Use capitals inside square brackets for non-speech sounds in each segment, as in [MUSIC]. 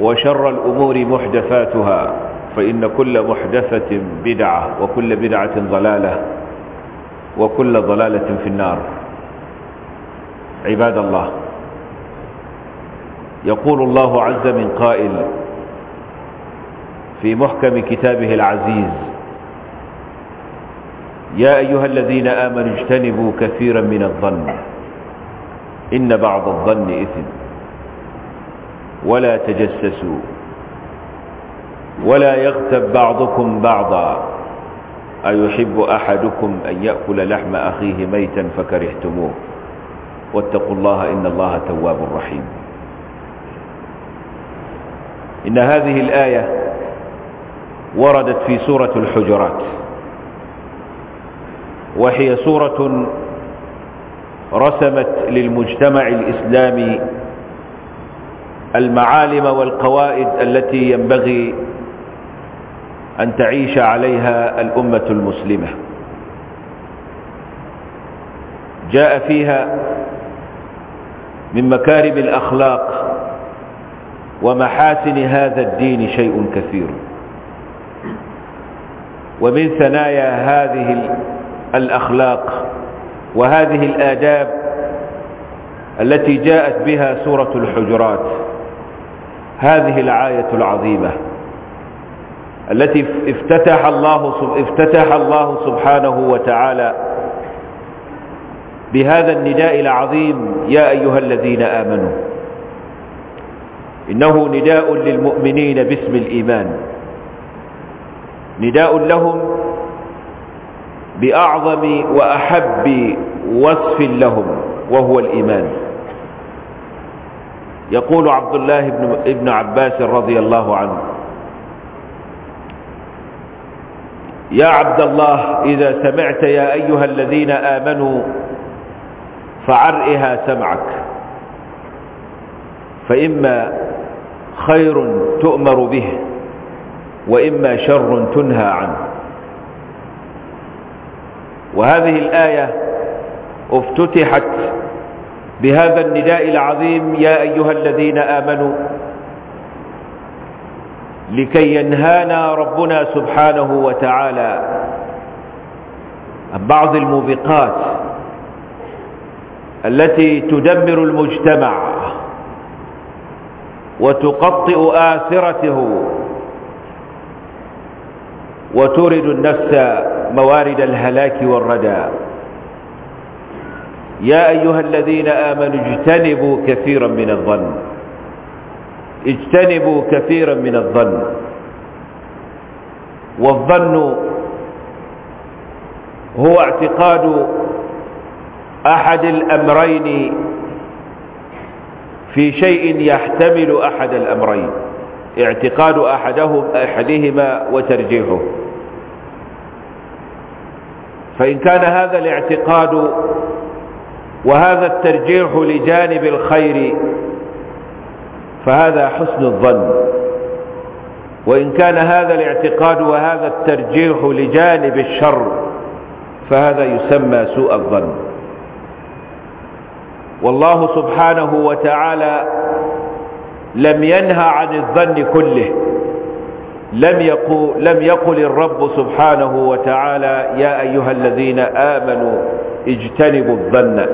وشر الأمور محدثاتها فإن كل محدثة بدعة وكل بدعة ضلالة وكل ضلالة في النار عباد الله يقول الله عز من قائل في محكم كتابه العزيز يا أيها الذين آمنوا اجتنبوا كثيرا من الظن إن بعض الظن إثم ولا تجسسوا ولا يغتب بعضكم بعضا أيحب أحدكم أن يأكل لحم أخيه ميتا فكرهتموه واتقوا الله إن الله تواب رحيم إن هذه الآية وردت في سورة الحجرات وهي سورة رسمت للمجتمع الإسلامي المعالم والقواعد التي ينبغي أن تعيش عليها الأمة المسلمة جاء فيها من مكارم الأخلاق ومحاسن هذا الدين شيء كثير ومن ثنايا هذه الأخلاق وهذه الآداب التي جاءت بها سورة الحجرات هذه الآية العظيمة التي افتتح الله افتتح الله سبحانه وتعالى بهذا النداء العظيم يا أيها الذين آمنوا إنه نداء للمؤمنين باسم الإيمان نداء لهم بأعظم وأحب وصف لهم وهو الإيمان يقول عبد الله بن ابن عباس رضي الله عنه يا عبد الله إذا سمعت يا أيها الذين آمنوا فعرئها سمعك فإما خير تؤمر به وإما شر تنهى عنه وهذه الآية افتتحت بهذا النداء العظيم يا أيها الذين آمنوا لكي ينهانا ربنا سبحانه وتعالى عن بعض الموبقات التي تدمر المجتمع وتقطئ آثرته وتورد النفس موارد الهلاك والردى يا أيها الذين آمنوا اجتنبوا كثيرا من الظن اجتنبوا كثيرا من الظن والظن هو اعتقاد أحد الأمرين في شيء يحتمل أحد الأمرين اعتقاد أحدهم أحدهما وترجيحه فإن كان هذا الاعتقاد وهذا الترجيح لجانب الخير فهذا حسن الظن وإن كان هذا الاعتقاد وهذا الترجيح لجانب الشر فهذا يسمى سوء الظن والله سبحانه وتعالى لم ينهى عن الظن كله لم يقل, لم يقل الرب سبحانه وتعالى يا أيها الذين آمنوا اجتنبوا الظن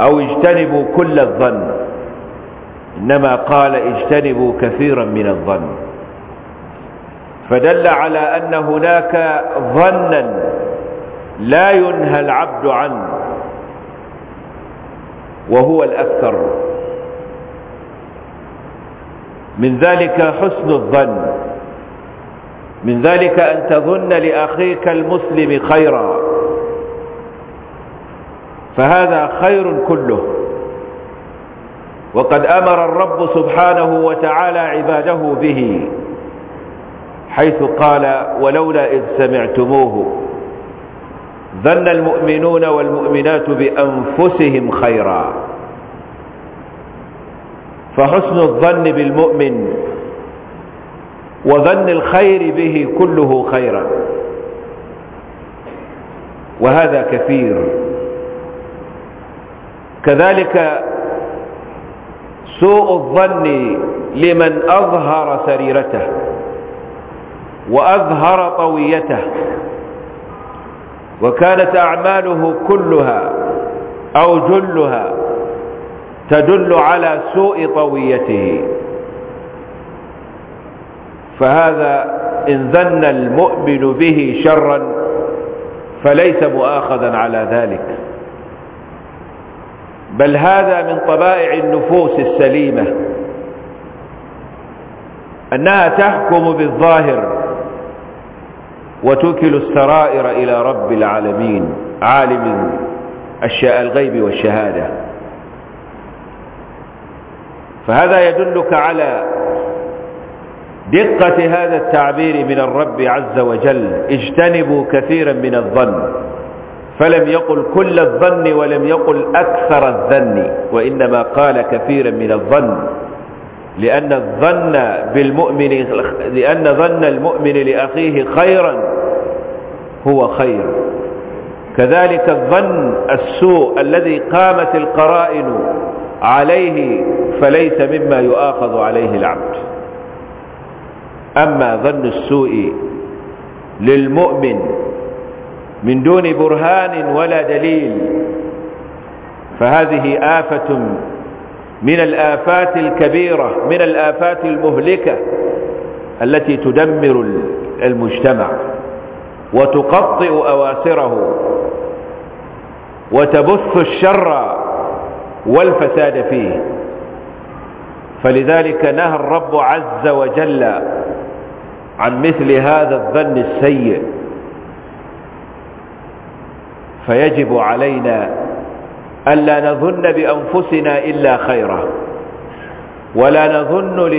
أو اجتنبوا كل الظن إنما قال اجتنبوا كثيرا من الظن فدل على أن هناك ظنا لا ينهى العبد عنه وهو الأكثر من ذلك حسن الظن من ذلك أن تظن لأخيك المسلم خيرا فهذا خير كله وقد أمر الرب سبحانه وتعالى عباده به حيث قال ولولا إذ سمعتموه ظن المؤمنون والمؤمنات بأنفسهم خيرا فحسن الظن بالمؤمن وظن الخير به كله خيرا وهذا كثير كذلك سوء الظن لمن أظهر سريرته وأظهر طويته وكانت أعماله كلها أو جلها تدل على سوء طويته فهذا إن ظن المؤمن به شرا فليس مؤاخذا على ذلك بل هذا من طبائع النفوس السليمة أنها تحكم بالظاهر وتوكل السرائر إلى رب العالمين عالم الغيب والشهادة فهذا يدلك على دقة هذا التعبير من الرب عز وجل اجتنبوا كثيرا من الظن فلم يقل كل الظن ولم يقل أكثر الظن وإنما قال كثيرا من الظن لأن الظن بالمؤمن لأن ظن المؤمن لأخيه خيرا هو خير كذلك الظن السوء الذي قامت القرائن عليه فليس مما يؤاخذ عليه العبد أما ظن السوء للمؤمن من دون برهان ولا دليل فهذه آفة من الآفات الكبيرة من الآفات المهلكة التي تدمر المجتمع وتقطئ أواصره وتبث الشر والفساد فيه فلذلك نهى الرب عز وجل عن مثل هذا الظن السيئ فيجب علينا ألا نظن بأنفسنا إلا خيرا ولا نظن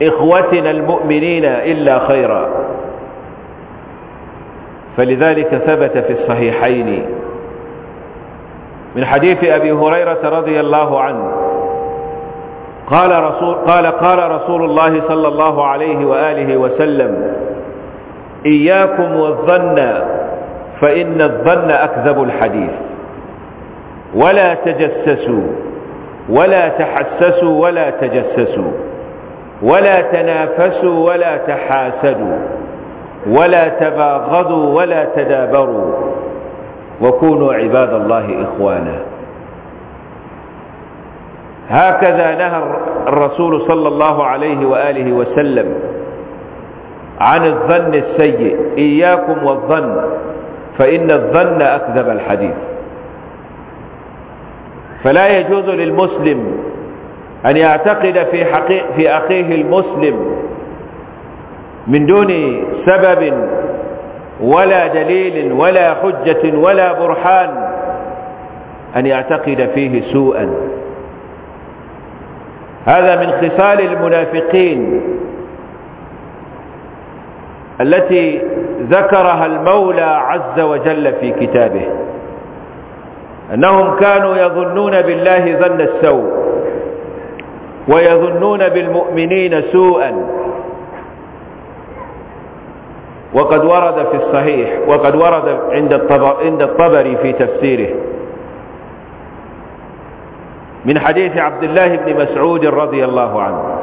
لإخوتنا المؤمنين إلا خيرا فلذلك ثبت في الصحيحين من حديث أبي هريرة رضي الله عنه قال رسول, قال قال رسول الله صلى الله عليه وآله وسلم إياكم والظن فإن الظن أكذب الحديث ولا تجسسوا ولا تحسسوا ولا تجسسوا ولا تنافسوا ولا تحاسدوا ولا تباغضوا ولا تدابروا وكونوا عباد الله إخوانا هكذا نهى الرسول صلى الله عليه وآله وسلم عن الظن السيء إياكم والظن فإن الظن أكذب الحديث فلا يجوز للمسلم أن يعتقد في, حقيق في أخيه المسلم من دون سبب ولا دليل ولا حجة ولا برهان أن يعتقد فيه سوءا هذا من خصال المنافقين التي ذكرها المولى عز وجل في كتابه أنهم كانوا يظنون بالله ظن السوء ويظنون بالمؤمنين سوءا وقد ورد في الصحيح وقد ورد عند الطبري, عند الطبري في تفسيره من حديث عبد الله بن مسعود رضي الله عنه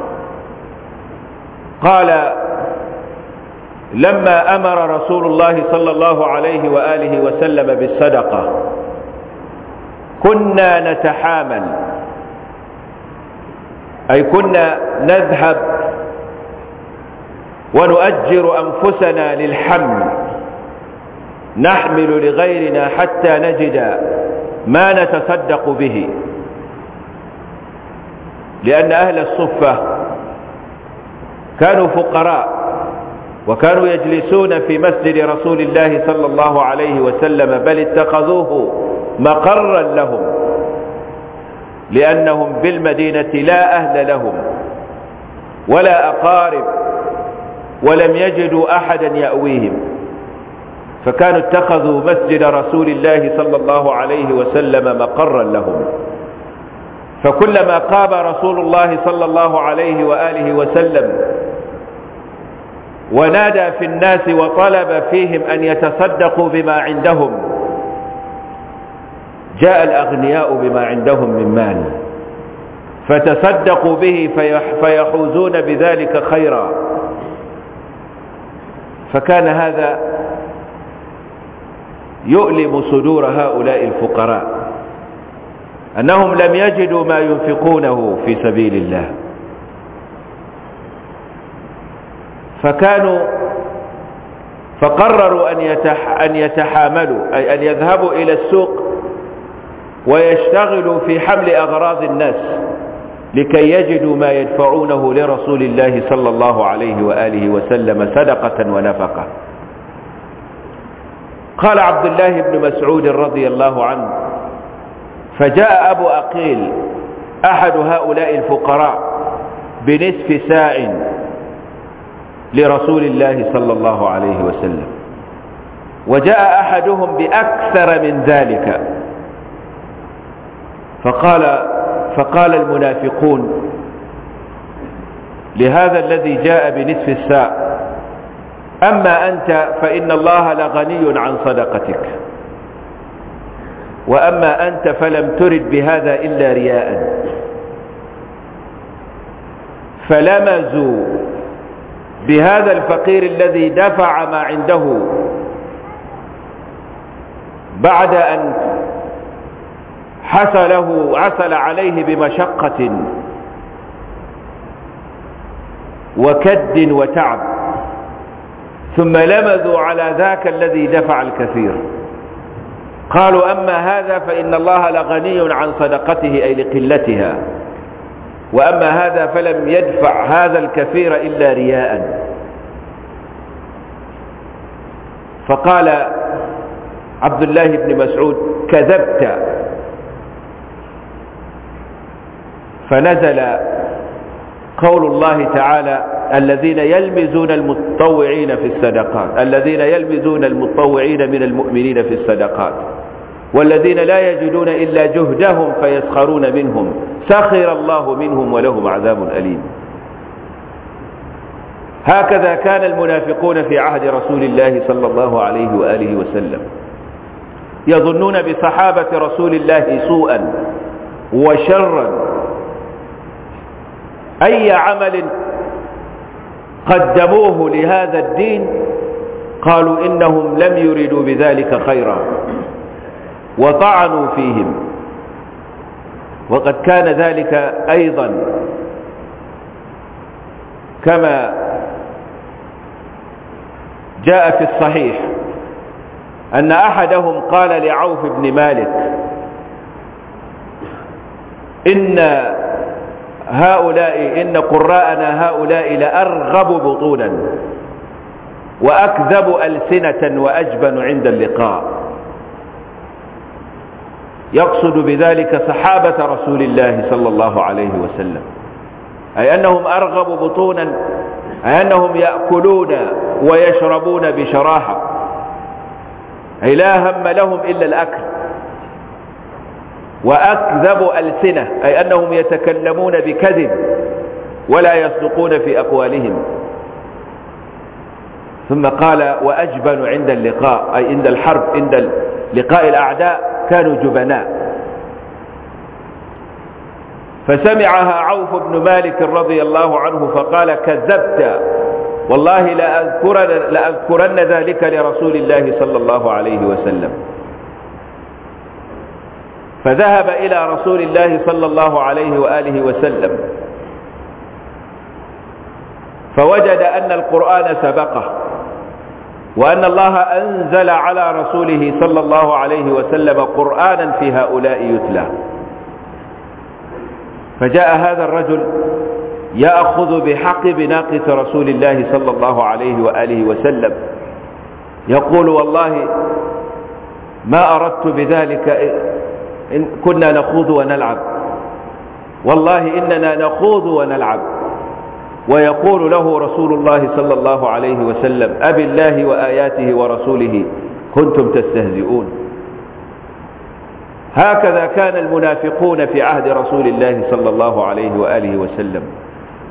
قال لما أمر رسول الله صلى الله عليه وآله وسلم بالصدقة كنا نتحامل أي كنا نذهب ونؤجر أنفسنا للحمل نحمل لغيرنا حتى نجد ما نتصدق به لأن أهل الصفة كانوا فقراء وكانوا يجلسون في مسجد رسول الله صلى الله عليه وسلم بل اتخذوه مقرا لهم لأنهم بالمدينة لا أهل لهم ولا أقارب ولم يجدوا أحدا يأويهم فكانوا اتخذوا مسجد رسول الله صلى الله عليه وسلم مقرا لهم فكلما قاب رسول الله صلى الله عليه وآله وسلم ونادى في الناس وطلب فيهم أن يتصدقوا بما عندهم جاء الأغنياء بما عندهم من مال فتصدقوا به فيحوزون بذلك خيرا فكان هذا يؤلم صدور هؤلاء الفقراء أنهم لم يجدوا ما ينفقونه في سبيل الله فكانوا فقرروا أن يتح أن يتحاملوا أي أن يذهبوا إلى السوق ويشتغلوا في حمل أغراض الناس لكي يجدوا ما يدفعونه لرسول الله صلى الله عليه وآله وسلم صدقة ونفقة قال عبد الله بن مسعود رضي الله عنه فجاء أبو أقيل أحد هؤلاء الفقراء بنصف ساع لرسول الله صلى الله عليه وسلم وجاء احدهم باكثر من ذلك فقال فقال المنافقون لهذا الذي جاء بنصف الساء اما انت فان الله لغني عن صدقتك واما انت فلم ترد بهذا الا رياء فلمزوا بهذا الفقير الذي دفع ما عنده بعد أن حصله عسل عليه بمشقة وكد وتعب ثم لمذوا على ذاك الذي دفع الكثير قالوا أما هذا فإن الله لغني عن صدقته أي لقلتها وأما هذا فلم يدفع هذا الكثير إلا رياء فقال عبد الله بن مسعود كذبت فنزل قول الله تعالى الذين يلمزون المتطوعين في الصدقات الذين يلمزون المتطوعين من المؤمنين في الصدقات والذين لا يجدون إلا جهدهم فيسخرون منهم سخر الله منهم ولهم عذاب أليم هكذا كان المنافقون في عهد رسول الله صلى الله عليه وآله وسلم يظنون بصحابة رسول الله سوءا وشرا أي عمل قدموه لهذا الدين قالوا إنهم لم يريدوا بذلك خيرا وطعنوا فيهم وقد كان ذلك أيضا كما جاء في الصحيح أن أحدهم قال لعوف بن مالك إن هؤلاء إن قراءنا هؤلاء لأرغب بطونا وأكذب ألسنة وأجبن عند اللقاء يقصد بذلك صحابة رسول الله صلى الله عليه وسلم أي أنهم أرغب بطونا أي أنهم يأكلون ويشربون بشراحة أي لا هم لهم إلا الأكل وأكذب ألسنة أي أنهم يتكلمون بكذب ولا يصدقون في أقوالهم ثم قال وأجبن عند اللقاء أي عند الحرب عند لقاء الأعداء كانوا جبناء فسمعها عوف بن مالك رضي الله عنه فقال كذبت والله لأذكرن, لأذكرن ذلك لرسول الله صلى الله عليه وسلم فذهب إلى رسول الله صلى الله عليه وآله وسلم فوجد أن القرآن سبقه وأن الله أنزل على رسوله صلى الله عليه وسلم قرآنا في هؤلاء يتلى فجاء هذا الرجل يأخذ بحق بناقة رسول الله صلى الله عليه وآله وسلم يقول والله ما أردت بذلك إن كنا نخوض ونلعب والله إننا نخوض ونلعب ويقول له رسول الله صلى الله عليه وسلم أبي الله وآياته ورسوله كنتم تستهزئون هكذا كان المنافقون في عهد رسول الله صلى الله عليه وآله وسلم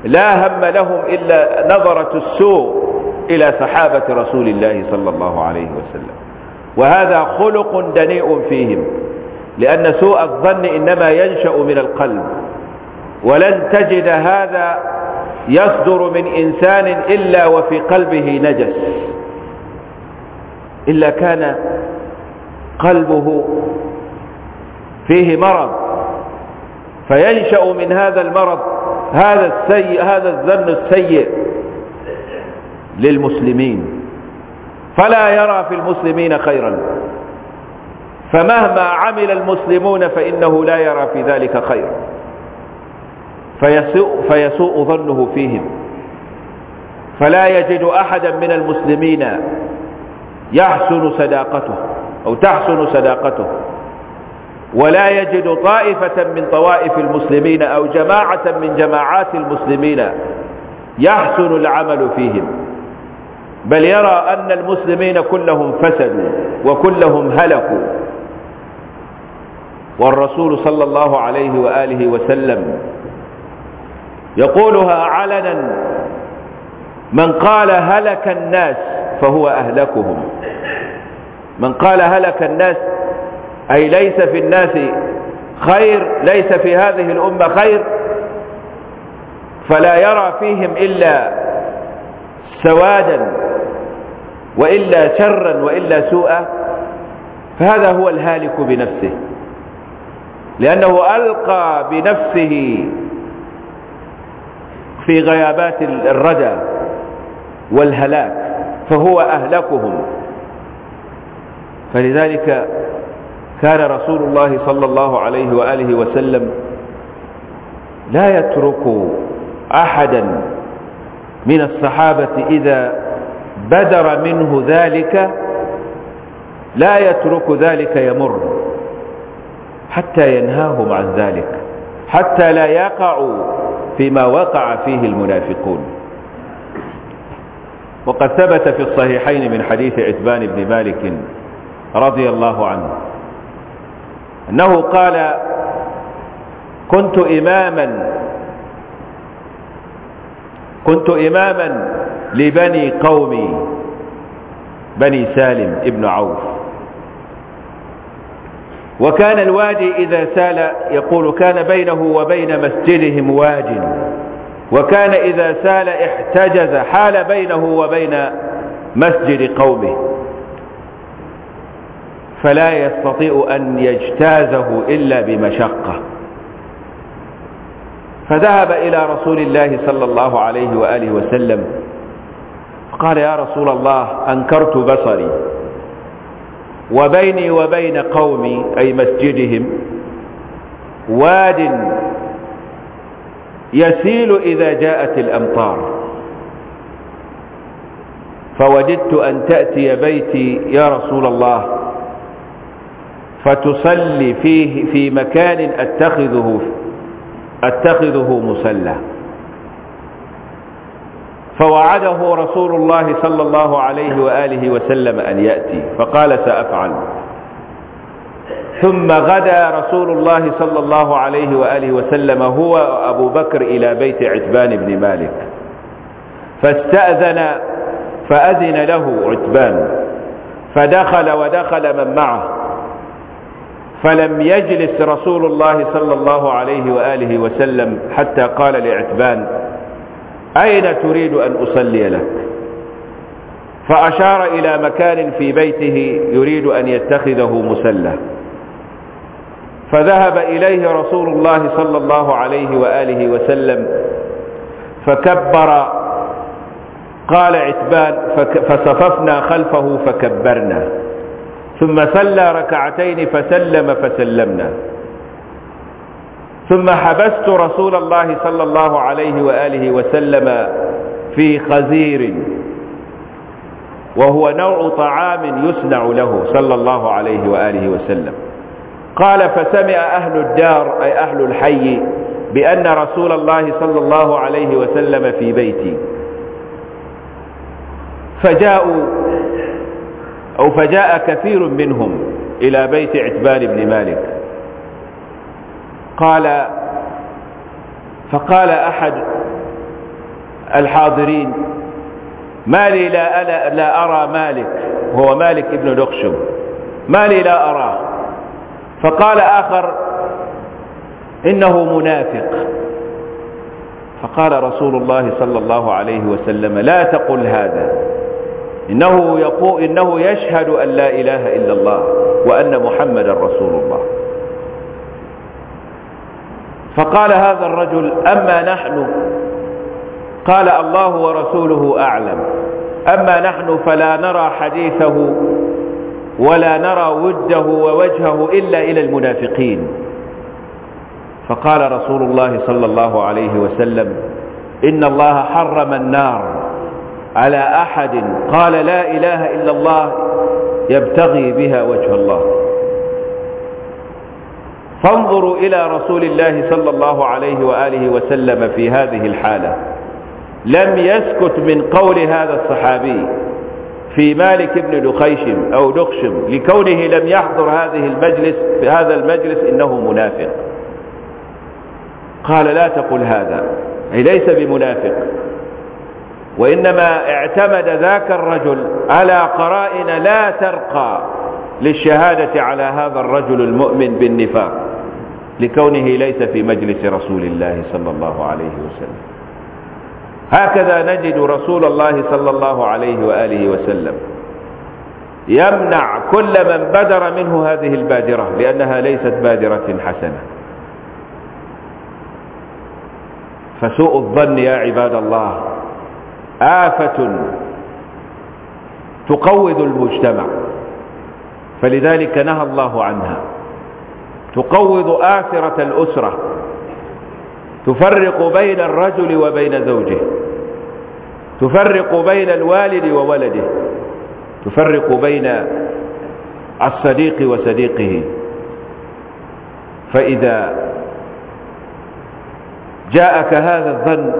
لا هم لهم إلا نظرة السوء إلى صحابة رسول الله صلى الله عليه وسلم وهذا خلق دنيء فيهم لأن سوء الظن إنما ينشأ من القلب ولن تجد هذا يصدر من إنسان إلا وفي قلبه نجس إلا كان قلبه فيه مرض فينشأ من هذا المرض هذا السيء هذا الذن السيء للمسلمين فلا يرى في المسلمين خيرا فمهما عمل المسلمون فإنه لا يرى في ذلك خيرا فيسوء, فيسوء ظنه فيهم فلا يجد أحدا من المسلمين يحسن صداقته أو تحسن صداقته ولا يجد طائفة من طوائف المسلمين أو جماعة من جماعات المسلمين يحسن العمل فيهم بل يرى أن المسلمين كلهم فسدوا وكلهم هلكوا والرسول صلى الله عليه وآله وسلم يقولها علنا من قال هلك الناس فهو أهلكهم من قال هلك الناس أي ليس في الناس خير ليس في هذه الأمة خير فلا يرى فيهم إلا سوادا وإلا شرا وإلا سوءا فهذا هو الهالك بنفسه لأنه ألقى بنفسه في غيابات الردى والهلاك فهو أهلكهم فلذلك كان رسول الله صلى الله عليه وآله وسلم لا يترك أحدا من الصحابة إذا بدر منه ذلك لا يترك ذلك يمر حتى ينهاهم عن ذلك حتى لا يقعوا فيما وقع فيه المنافقون وقد ثبت في الصحيحين من حديث عتبان بن مالك رضي الله عنه أنه قال كنت إماما كنت إماما لبني قومي بني سالم ابن عوف وكان الوادي إذا سال يقول كان بينه وبين مسجدهم واد وكان إذا سال احتجز حال بينه وبين مسجد قومه فلا يستطيع أن يجتازه إلا بمشقة فذهب إلى رسول الله صلى الله عليه وآله وسلم قال يا رسول الله أنكرت بصري وبيني وبين قومي أي مسجدهم واد يسيل إذا جاءت الأمطار فوددت أن تأتي بيتي يا رسول الله فتصلي فيه في مكان أتخذه أتخذه مسلّى فوعده رسول الله صلى الله عليه وآله وسلم أن يأتي فقال سأفعل ثم غدا رسول الله صلى الله عليه وآله وسلم هو أبو بكر إلى بيت عتبان بن مالك فاستأذن فأذن له عتبان فدخل ودخل من معه فلم يجلس رسول الله صلى الله عليه وآله وسلم حتى قال لعتبان أين تريد أن أصلي لك فأشار إلى مكان في بيته يريد أن يتخذه مسلى فذهب إليه رسول الله صلى الله عليه وآله وسلم فكبر قال عتبان فصففنا خلفه فكبرنا ثم صلى ركعتين فسلم فسلمنا ثم حبست رسول الله صلى الله عليه وآله وسلم في خزير وهو نوع طعام يصنع له صلى الله عليه وآله وسلم قال فسمع أهل الدار أي أهل الحي بأن رسول الله صلى الله عليه وسلم في بيتي فجاءوا أو فجاء كثير منهم إلى بيت عتبان بن مالك قال فقال أحد الحاضرين ما لي لا, ألا لا أرى مالك هو مالك ابن دقشم ما لي لا أراه فقال آخر إنه منافق فقال رسول الله صلى الله عليه وسلم لا تقل هذا إنه, يقول إنه يشهد أن لا إله إلا الله وأن محمدا رسول الله فقال هذا الرجل أما نحن قال الله ورسوله أعلم أما نحن فلا نرى حديثه ولا نرى وده ووجهه إلا إلى المنافقين فقال رسول الله صلى الله عليه وسلم إن الله حرم النار على أحد قال لا إله إلا الله يبتغي بها وجه الله فانظروا إلى رسول الله صلى الله عليه وآله وسلم في هذه الحالة لم يسكت من قول هذا الصحابي في مالك بن دخيشم أو دخشم لكونه لم يحضر هذه المجلس في هذا المجلس إنه منافق قال لا تقل هذا أي ليس بمنافق وإنما اعتمد ذاك الرجل على قرائن لا ترقى للشهادة على هذا الرجل المؤمن بالنفاق لكونه ليس في مجلس رسول الله صلى الله عليه وسلم هكذا نجد رسول الله صلى الله عليه وآله وسلم يمنع كل من بدر منه هذه البادرة لأنها ليست بادرة حسنة فسوء الظن يا عباد الله آفة تقوض المجتمع فلذلك نهى الله عنها تقوض آثرة الأسرة تفرق بين الرجل وبين زوجه تفرق بين الوالد وولده تفرق بين الصديق وصديقه فإذا جاءك هذا الظن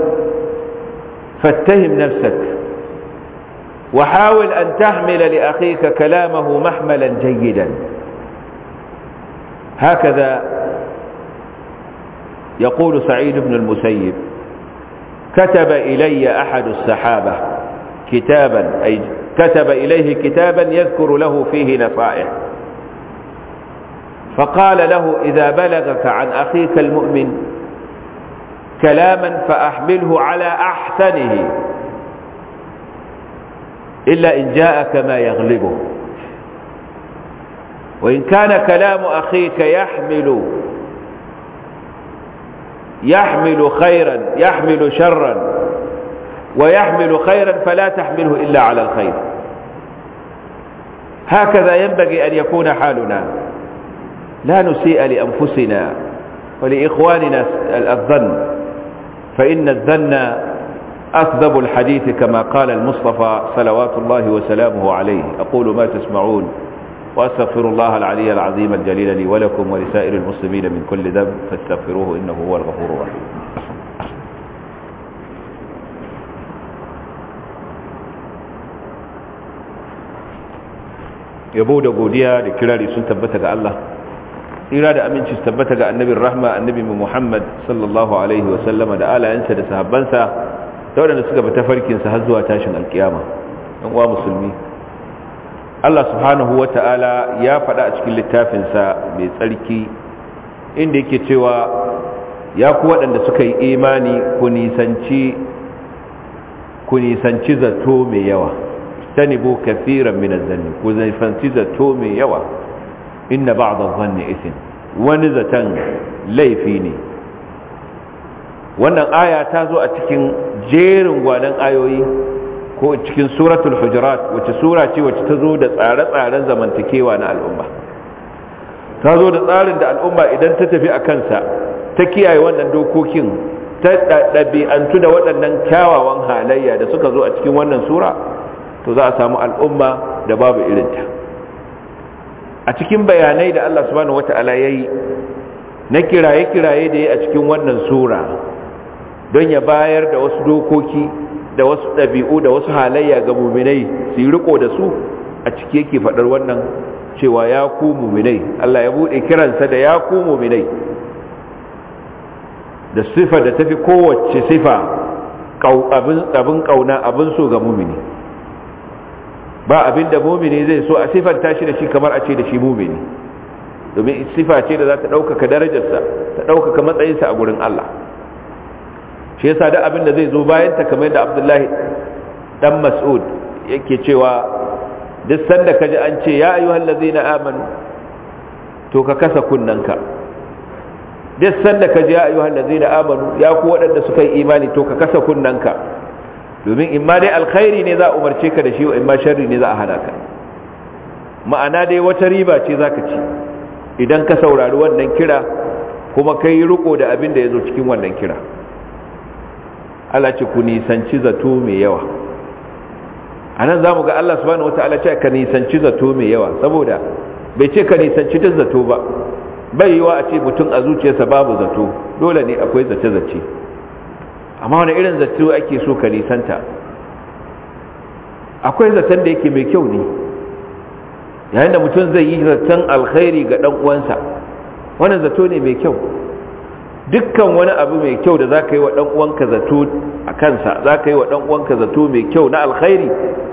فاتهم نفسك وحاول أن تحمل لأخيك كلامه محملا جيدا هكذا يقول سعيد بن المسيب كتب إلي أحد السحابة كتابا أي كتب إليه كتابا يذكر له فيه نصائح فقال له إذا بلغك عن أخيك المؤمن كلاما فأحمله على أحسنه إلا إن جاءك ما يغلبه وإن كان كلام أخيك يحمل يحمل خيرا يحمل شرا ويحمل خيرا فلا تحمله إلا على الخير هكذا ينبغي أن يكون حالنا لا نسيء لأنفسنا ولإخواننا الظن فإن الظن أكذب الحديث كما قال المصطفى صلوات الله وسلامه عليه أقول ما تسمعون وأستغفر الله العلي العظيم الجليل لي ولكم ولسائر المسلمين من كل ذنب فاستغفروه إنه هو الغفور الرحيم yabo da godiya da kirari sun tabbata ga Allah tsira da aminci su tabbata النبي محمد صلى الله عليه وسلم alaihi wa sallama da da waɗanda suka bi tafarkinsa har zuwa tashin alkiyama ɗan uwa musulmi Allah subhanahu wa ta'ala ya faɗa a cikin littafinsa mai tsarki inda yake cewa ya ku waɗanda suka yi imani ku nisanci zato mai yawa tanibu kafiran min zanni ku nisanci zato mai yawa inna ba'd adh-dhanni isin. wani zaton laifi ne wannan aya ta zo a cikin jerin gwanan ayoyi ko cikin suratul hujurat wacce sura ce wacce ta zo da tsare-tsaren zamantakewa na al'umma ta zo da tsarin da al'umma idan ta tafi a kansa ta kiyaye wannan dokokin ta ɗabi'antu da waɗannan kyawawan halayya da suka zo a cikin wannan sura to za a samu al'umma da babu irinta a cikin bayanai da Allah subhanahu wata'ala ya yi na kiraye-kiraye da ya a cikin wannan sura don ya bayar da wasu dokoki da wasu ɗabi'u da wasu halayya ga muminai su yi riko da su a ciki yake faɗar wannan cewa ya ku muminai Allah ya buɗe kiransa da ya ku muminai da sifa da tafi kowace sifa abin ƙauna abin so ga mumini ba abin da mumini zai so a sifanta shi da shi kamar a ce da shi mumini domin sifa ce da za ta ɗaukaka darajarsa ta ɗaukaka matsayinsa a gurin Allah shi yasa da abin da zai zo bayan ta kamar da abdullahi dan mas'ud yake cewa duk sanda ka ji an ce ya ayyuhal ladzina amanu to ka kasa kunnanka duk sanda ka ji ya ayyuhal ladzina amanu ya ku waɗanda suka yi imani to ka kasa kunnanka domin in ma dai alkhairi ne za a umarce ka da shi in ma sharri ne za a halaka ma'ana dai wata riba ce zaka ci idan ka saurari wannan kira kuma kai riko da abin da ya zo cikin wannan kira Allah ce ku nisanci zato mai yawa a nan za mu ga Allah wata Allah ce ka nisanci zato mai yawa saboda bai ce ka nisanci duk zato ba bai yiwa a ce mutum a zuciyarsa babu zato dole ne akwai zace-zace amma wani irin zato ake so ka nisanta akwai zaton da yake mai kyau ne yayin da mutum zai yi zaton alkhairi ga ɗan uwansa wannan zato ne mai kyau dukkan wani abu mai kyau da ka yi wa dan uwanka zato a kansa ka yi wa dan uwanka zato mai kyau na alkhairi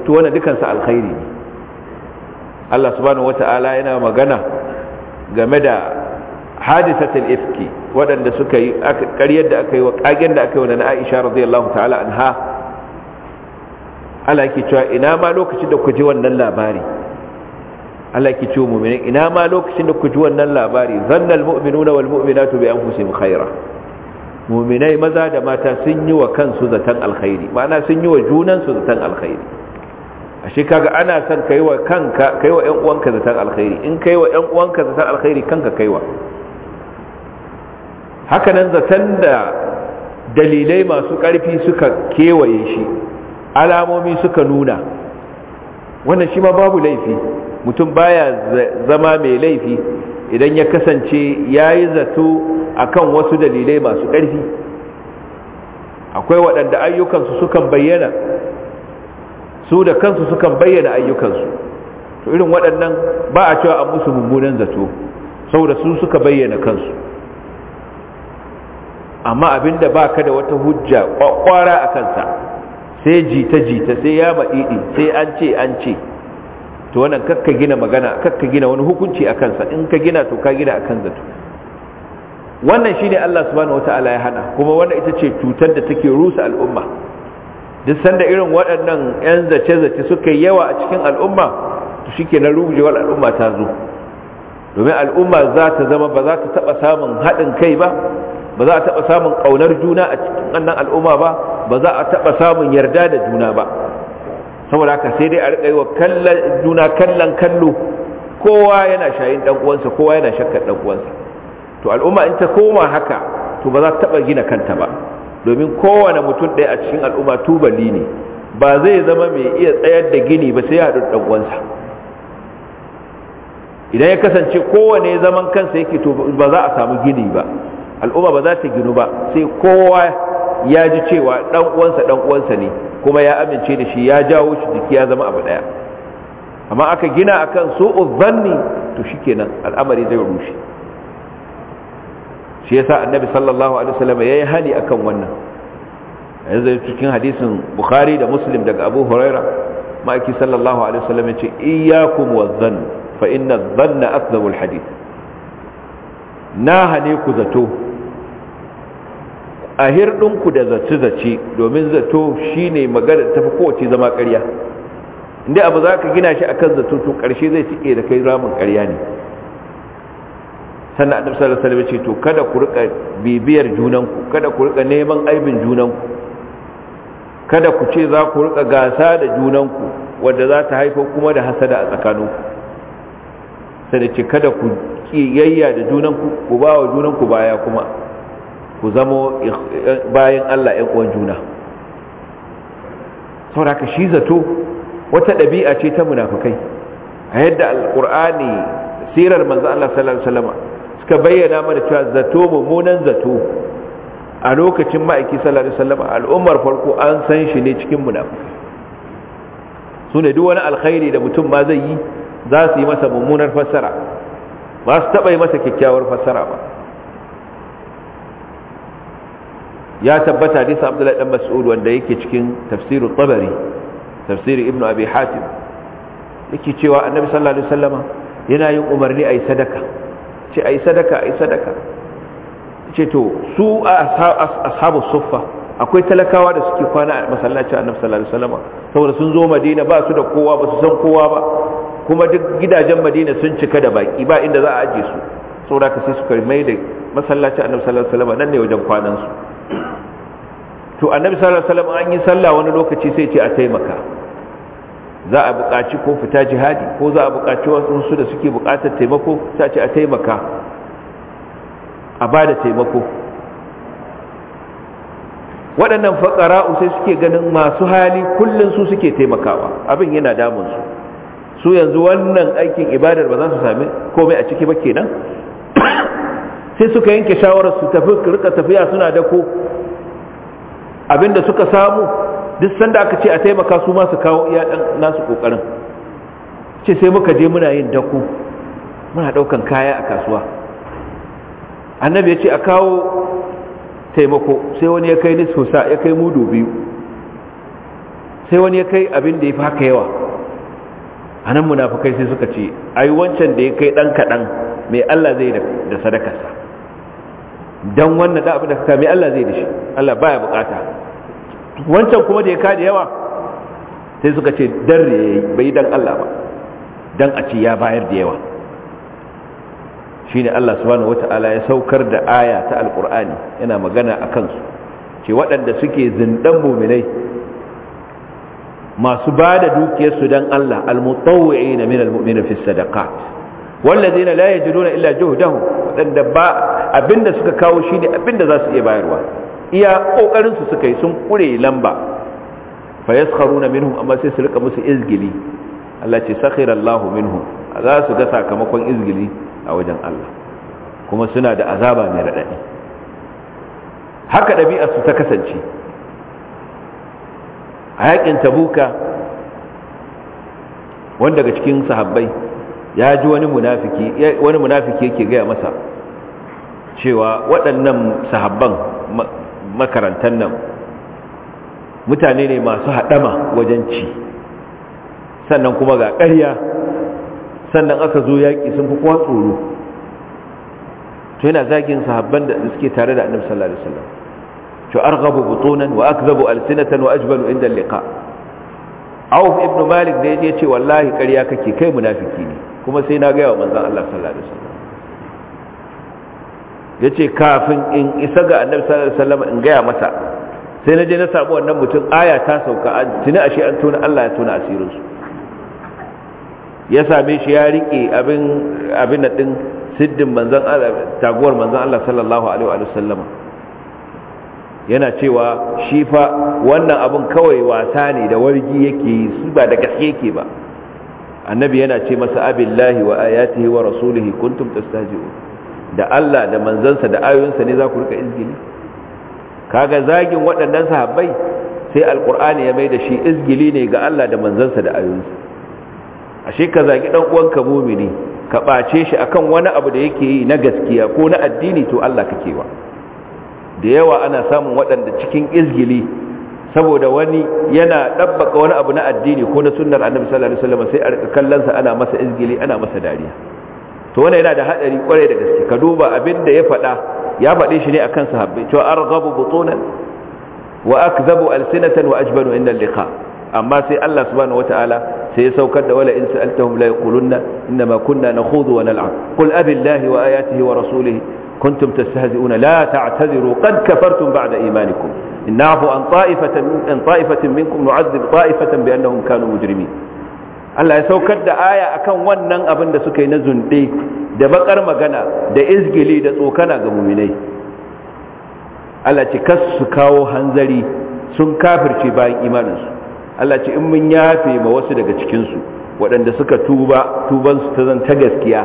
to wani dukan alkhairi ne Allah subhanahu wataala yana magana game da hadisatul ifki waɗanda suka yi ƙaryar da aka yi wa ƙagen da aka yi wa na Aisha radiyallahu ta'ala anha Allah yake cewa ina ma lokacin da ku ji wannan labari Allah ke ciwo mu'minin ina ma lokacin da ku ji wannan labari zannal mu'minuna wal mu'minatu bi anfusihim khaira mu'minai maza da mata sun yi wa kansu zatan alkhairi ma'ana sun yi wa junan su zatan alkhairi shi kaga ana son kai wa kanka kai wa ƴan uwanka zatan alkhairi in kai wa ƴan uwanka zatan alkhairi kanka kaiwa haka nan zaton da dalilai masu ƙarfi suka kewaye shi alamomi suka nuna wannan shi ma babu laifi mutum baya zama mai laifi idan ya kasance ya yi zato akan wasu dalilai masu ƙarfi akwai waɗanda ayyukansu sukan bayyana su da kansu sukan bayyana ayyukansu to irin waɗannan ba a cewa a musu mummunan zato saboda su suka bayyana kansu amma abinda ba ka da wata hujja kwakwara a kansa sai jita-jita sai ya maɗiɗi sai an ce an ce to wannan kakka gina magana kakka gina wani hukunci a kansa in ka gina to ka gina kan zato wannan shine Allah subhanahu wataala ya hana kuma wannan ita ce cutar da take rusa al'umma duk sanda irin waɗannan 'yan zace-zace suka yi yawa a cikin al'umma to shike na rugujewar al'umma ta zo domin al'umma za ta zama ba za ta taɓa samun haɗin kai ba ba za a taɓa samun ƙaunar juna a cikin wannan al'umma ba ba za a taɓa samun yarda da juna ba saboda haka sai dai a riƙa yi wa juna kallon kallo kowa yana shayin dan uwansa kowa yana shakkar dan uwansa to al'umma in ta koma haka to ba za ta taba gina kanta ba domin kowane mutum ɗaya a cikin al'umma tubali ne ba zai zama mai iya tsayar da gini ba sai ya haɗu dan uwansa idan ya kasance kowane zaman kansa yake to ba za a samu gini ba al'umma ba za ta ginu ba sai kowa ya ji cewa dan uwansa dan uwansa ne kuma ya amince da shi ya jawo shi jiki ya zama abu daya amma aka gina akan su'u uzanni, to shikenan al'amari zai rushe shi yasa annabi sallallahu alaihi wasallam yayi hali akan wannan yanzu cikin hadisin bukhari da muslim daga abu huraira ma'aiki sallallahu alaihi wasallam yace iyyakum wadh-dhann fa inna dhanna akdhabu hadith na hane ku zato a hirɗinku da zace-zace domin zato shi ne magana fi kowace zama ƙarya inda abu za ka gina shi a kan zato to ƙarshe zai cike da kai ramin ƙarya ne sannan adam sallallahu alaihi ce to kada ku rika bibiyar junanku kada ku rika neman aibin junanku kada ku ce za ku rika gasa da junanku wanda za ta haifo kuma da hasada a tsakaninku sai da ce kada ku kiyayya da junanku ku ba wa junanku baya kuma ku zamo bayan Allah ‘yan uwan juna sauraka shi zato wata ɗabi'a ce ta munafukai a yadda alƙur'ani sirar manzo Allah sallallahu suka bayyana mana cewa zato mummunan zato a lokacin ma'aiki sallallahu alaihi al'ummar farko an san shi ne cikin munafukai su ne duk wani alkhairi da mutum ma zai yi za su yi masa mummunar fassara ba su taɓa yi masa kyakkyawar fassara ba ya tabbata hadisi abdullahi dan mas'ud wanda yake cikin al tabari tafsir ibnu abi hatim yake cewa annabi sallallahu alaihi wasallama yana yin umarni ayi sadaka ce ayi sadaka ayi sadaka ce to su ashabu suffa akwai talakawa da suke kwana a masallacin annabi sallallahu alaihi wasallama saboda sun zo madina ba su da kowa ba su san kowa ba kuma duk gidajen madina sun cika da baki ba inda za a aje su saboda ka sai suka mai da masallacin annabi sallallahu alaihi wasallama nan ne wajen kwanan su to annabi sallallahu alaihi wasallam an yi sallah wani lokaci sai ce a taimaka za a buƙaci ko fita jihadi ko za a buƙaci wasu da suke buƙatar taimako sai ce a taimaka a ba da taimako waɗannan faƙara'u sai suke ganin masu hali kullum su suke taimakawa abin yana damun su yanzu wannan aikin ibadar ba za su sami komai a ciki ba kenan [COUGHS] sai suka yanke shawarar su tafi rika tafiya suna dako abinda suka samu duk sanda aka ce a taimaka su ma su kawo iya nasu kokarin ce sai muka je muna yin dako muna daukan kaya a kasuwa annabi ya ce a kawo taimako sai wani ya kai ni sa ya kai mudu biyu sai wani ya kai abin da ya fi haka yawa a nan munafukai sai suka ce ai wancan da ya kai ɗan kaɗan mai Allah zai da sadakarsa don wannan da abin da ka me Allah zai da shi Allah baya bukata wancan kuma da ya kada yawa sai suka ce dan bai dan Allah ba dan a ce ya bayar da yawa shine Allah subhanahu wata'ala ya saukar da aya ta alqur'ani yana magana akan kansu ce waɗanda suke zindan muminai masu ba da dukiyarsu dan Allah almutawwi'i na min almu'minin fi sadaqat wallazina la yajiduna illa juhdahum waɗanda ba abinda suka kawo shine abinda za su iya bayarwa iya kokarin su suka yi sun kure lamba fa yaskharuna minhum amma sai su rika musu izgili Allah ce sakhira Allahu minhum za su ga sakamakon izgili a wajen Allah kuma suna da azaba mai radadi haka dabi'a su ta kasance a yakin tabuka wanda daga cikin sahabbai ya ji wani munafiki wani munafiki yake gaya masa cewa waɗannan sahabban makarantar nan mutane ne masu haɗama wajen ci sannan kuma ga ƙarya sannan aka zo yaƙi sun fi kowa tsoro to yana zagin sahabban da suke tare da annabi sallallahu alaihi wasallam to arghabu butunan wa akdhabu alsinatan wa ajbalu inda liqa Auf ibn Malik da yace wallahi ƙarya kake kai munafiki ne kuma sai na ga yawa manzon Allah sallallahu alaihi wasallam ya ce kafin in isa ga annabi sallallahu alaihi wasallam in gaya masa sai na je na samu wannan mutum aya ta sauka an tuni ashe an tuna Allah ya tuna asirinsu ya same shi ya rike abin abin din siddin manzon Allah taguwar manzon Allah sallallahu alaihi wa sallam yana cewa shi fa wannan abin kawai wasa ne da wargi yake yi su ba da gaske yake ba annabi yana ce masa abillahi wa ayatihi wa rasulihi kuntum tastaji'un da Allah da manzansa da ayoyinsa ne za ku rika izgili kaga zagin waɗannan sahabbai sai alkur'ani ya mai da shi izgili ne ga Allah da manzansa da ayoyinsa ashe ka zagi dan ka mumini ka bace shi akan wani abu da yake yi na gaskiya ko na addini to Allah kake wa da yawa ana samun waɗanda cikin izgili saboda wani yana dabbaka wani abu na addini ko na sunnar annabi sallallahu alaihi wasallam sai a kallansa ana masa izgili ana masa dariya to wannan yana da hadari kwarai da gaske ka duba abin da ya fada ya fade shi ne akan sahabbai to arghabu butunan wa akdhabu alsinatan wa ajbanu inda liqa amma sai Allah subhanahu wataala sai ya saukar da wala in sa'altahum la yaqulunna inna ma kunna nakhudhu wa nal'ab qul abillahi wa ayatihi wa rasulihi kuntum tastahzi'una la ta'tadiru qad kafartum ba'da imanikum innahu an ta'ifatan an ta'ifatan minkum nu'adhib ta'ifatan bi annahum kanu mujrimin Allah ya saukar da aya akan wannan abin da suka yi na zunde da bakar magana da izgili da tsokana ga muminai Allah ce kas su kawo hanzari sun kafirce bayan imaninsu Allah ce in mun yafe ma wasu daga cikinsu waɗanda suka tuba tubansu ta zan gaskiya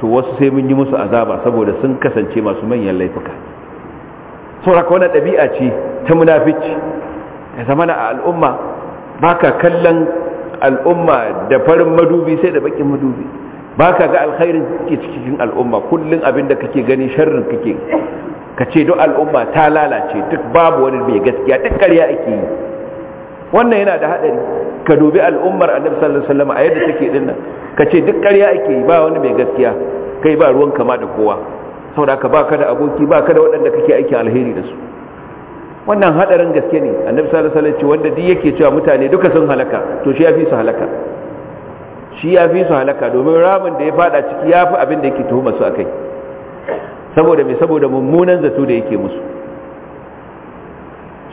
to wasu sai mun yi musu azaba saboda sun kasance masu manyan laifuka sauraka wani ɗabi'a ce ta munafici ya zama na al'umma ba ka kallon al'umma da farin madubi sai da bakin madubi ba ka ga alkhairin ke cikin al'umma kullum abin da kake gani sharrin kake ka ce don al'umma ta lalace duk babu wani mai gaskiya duk karya ake yi wannan yana da haɗari ka dubi al'ummar annabi sallallahu alaihi wasallam a yadda take dinnan ka ce duk karya ake yi ba wani mai gaskiya kai ba ruwan kama da kowa saboda ka baka da aboki baka da waɗanda kake aikin alheri da su wannan hadarin gaske ne annabi sallallahu alaihi wasallam wanda duk yake cewa mutane duka sun halaka to shi ya fi su halaka shi ya fi su halaka domin ramin da ya fada ciki ya fi abin da yake tuhuma su akai saboda me saboda mummunan zato da yake musu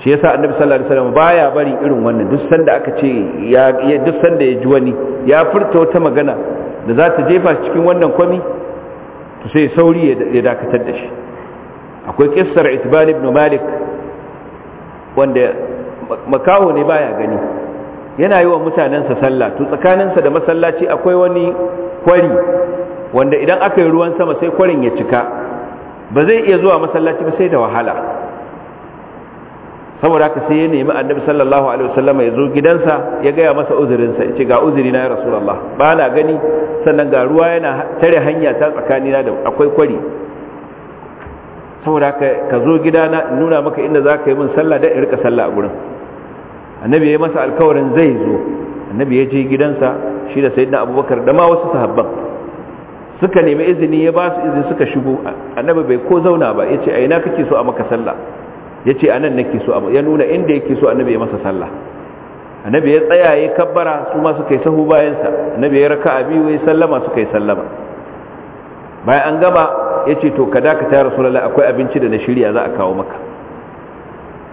shi yasa annabi sallallahu alaihi wasallam baya bari irin wannan duk sanda aka ce ya duk sanda ya ji wani ya furta wata magana da za ta jefa cikin wannan kwami to sai sauri ya dakatar da shi akwai kissar itban ibn malik wanda makaho ne baya gani yana yi wa mutanensa sallah to tsakaninsa da masallaci akwai wani kwari wanda idan aka yi ruwan sama sai kwarin ya cika ba zai iya zuwa masallaci ba sai da wahala saboda haka sai ya nemi annabi sallallahu alaihi wasallam ya zo gidansa ya gaya masa uzurinsa ya ce ga uzuri na ya rasulullah ba na gani sannan ga ruwa yana tare hanya ta tsakanina da akwai kwari saboda ka zo gidana in nuna maka inda za ka yi min sallah da irka rika sallah a gurin annabi ya masa alkawarin zai zo annabi ya je gidansa shi da sayyidina abubakar da ma wasu sahabban suka nemi izini ya ba su izini suka shigo annabi bai ko zauna ba yace a ina kake so a maka sallah yace anan nake so ya nuna inda yake so annabi ya masa sallah annabi ya tsaya ya kabbara su ma suka yi sahu bayansa annabi ya raka'a biyu ya sallama suka yi sallama bayan an gama ya ce to ka dakata lalai akwai abinci da na shirya za a kawo maka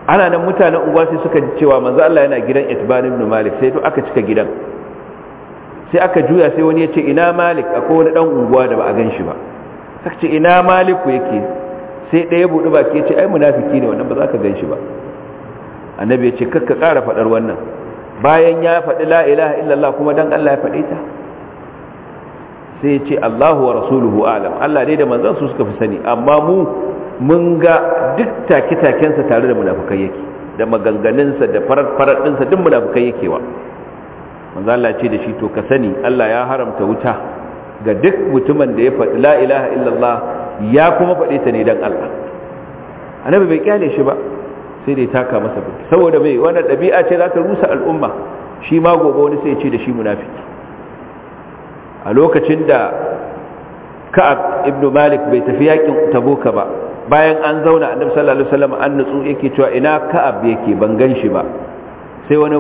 ana nan mutanen unguwa sai suka ji cewa manzo Allah yana gidan itban ibn malik sai to aka cika gidan sai aka juya sai wani ya ce ina malik akwai wani dan unguwa da ba a gan shi ba saka ce ina maliku yake sai ɗaya buɗe baki ya ce ai munafiki ne wannan ba za ka gan ba annabi ya ce kakka ƙara faɗar wannan bayan ya faɗi la ilaha illallah kuma dan Allah ya faɗe ta sai ya ce Allahu wa rasuluhu alam Allah dai da manzon su suka fi sani amma mu mun ga duk take-takensa tare da munafukai yake da maganganunsa da farar-farar ɗinsa duk munafukai yake wa manzo Allah ce da shi to ka sani Allah ya haramta wuta ga duk mutumin da ya faɗi la ilaha illallah ya kuma faɗe ta ne dan Allah annabi bai kyale shi ba sai dai taka masa saboda mai wannan ɗabi'a ce za ta rusa al'umma shi ma gobe wani sai ya ce da shi munafiki a lokacin da ka'ab ibn malik bai tafi yakin tabuka ba bayan an zauna annabi sallallahu alaihi wasallam an nutsu yake cewa ina ka'ab yake ban ganshi ba sai wani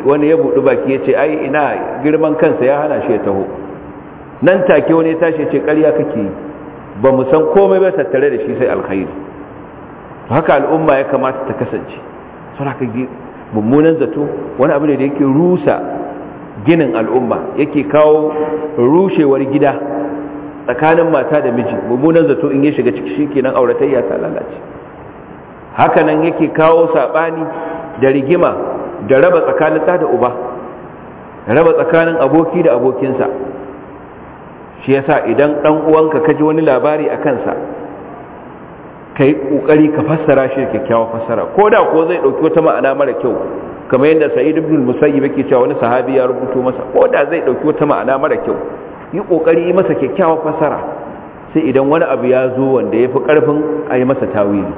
wani ya budu baki yace ai ina girman kansa ya hana shi ya taho nan take wani ya tashi yace ƙarya kake ba mu san komai ba tattare da shi sai alkhairi haka al'umma ya kamata ta kasance ka gi mummunan zato wani abu ne da yake rusa ginin al'umma yake kawo rushewar gida tsakanin mata da miji mummunan zato in ya shiga ciki shikenan auratayya ta lalace hakanan yake kawo saɓani da rigima da raba tsakanin da uba raba tsakanin aboki da abokinsa shi yasa idan dan uwanka kaji wani labari a kansa kai kokari ka fassara shi da kyakkyawa fassara ko da ko zai ɗauki wata ma'ana mara kyau kamar yadda sa'id ibn al-musayyib yake cewa wani sahabi ya rubuto masa ko da zai dauki wata ma'ana mara kyau yi kokari yi masa kyakkyawar fasara sai idan wani abu ya zo wanda yafi karfin a yi masa tawili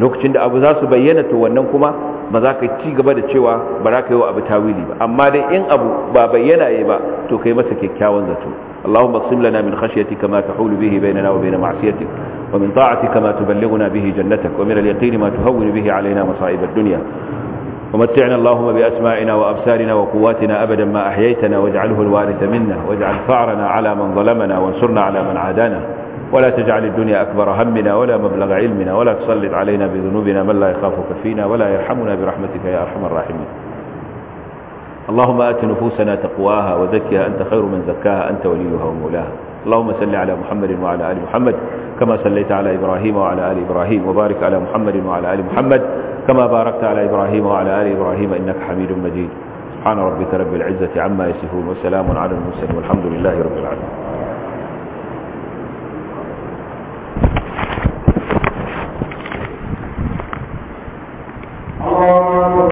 lokacin da abu za su bayyana to wannan kuma ba za ka ci gaba da cewa ba za ka yi wa abu tawili ba amma dai in abu ba bayyana yayi ba to kai masa kyakkyawan zato اللهم اقسم لنا من خشيتك ما تحول به بيننا وبين معصيتك ومن طاعتك ما تبلغنا به جنتك ومن اليقين ما تهون به علينا مصائب الدنيا ومتعنا اللهم بأسمائنا وأبصارنا وقواتنا أبدا ما أحييتنا واجعله الوارث منا واجعل فعرنا على من ظلمنا وانصرنا على من عادانا ولا تجعل الدنيا أكبر همنا ولا مبلغ علمنا ولا تسلط علينا بذنوبنا من لا يخافك فينا ولا يرحمنا برحمتك يا أرحم الراحمين اللهم آت نفوسنا تقواها وزكها أنت خير من زكاها أنت وليها ومولاها اللهم صل على محمد وعلى آل محمد كما صليت على إبراهيم وعلى آل إبراهيم وبارك على محمد وعلى آل محمد كما باركت على إبراهيم وعلى آل إبراهيم إنك حميد مجيد سبحان ربك رب العزة عما يصفون وسلام على المرسلين والحمد لله رب العالمين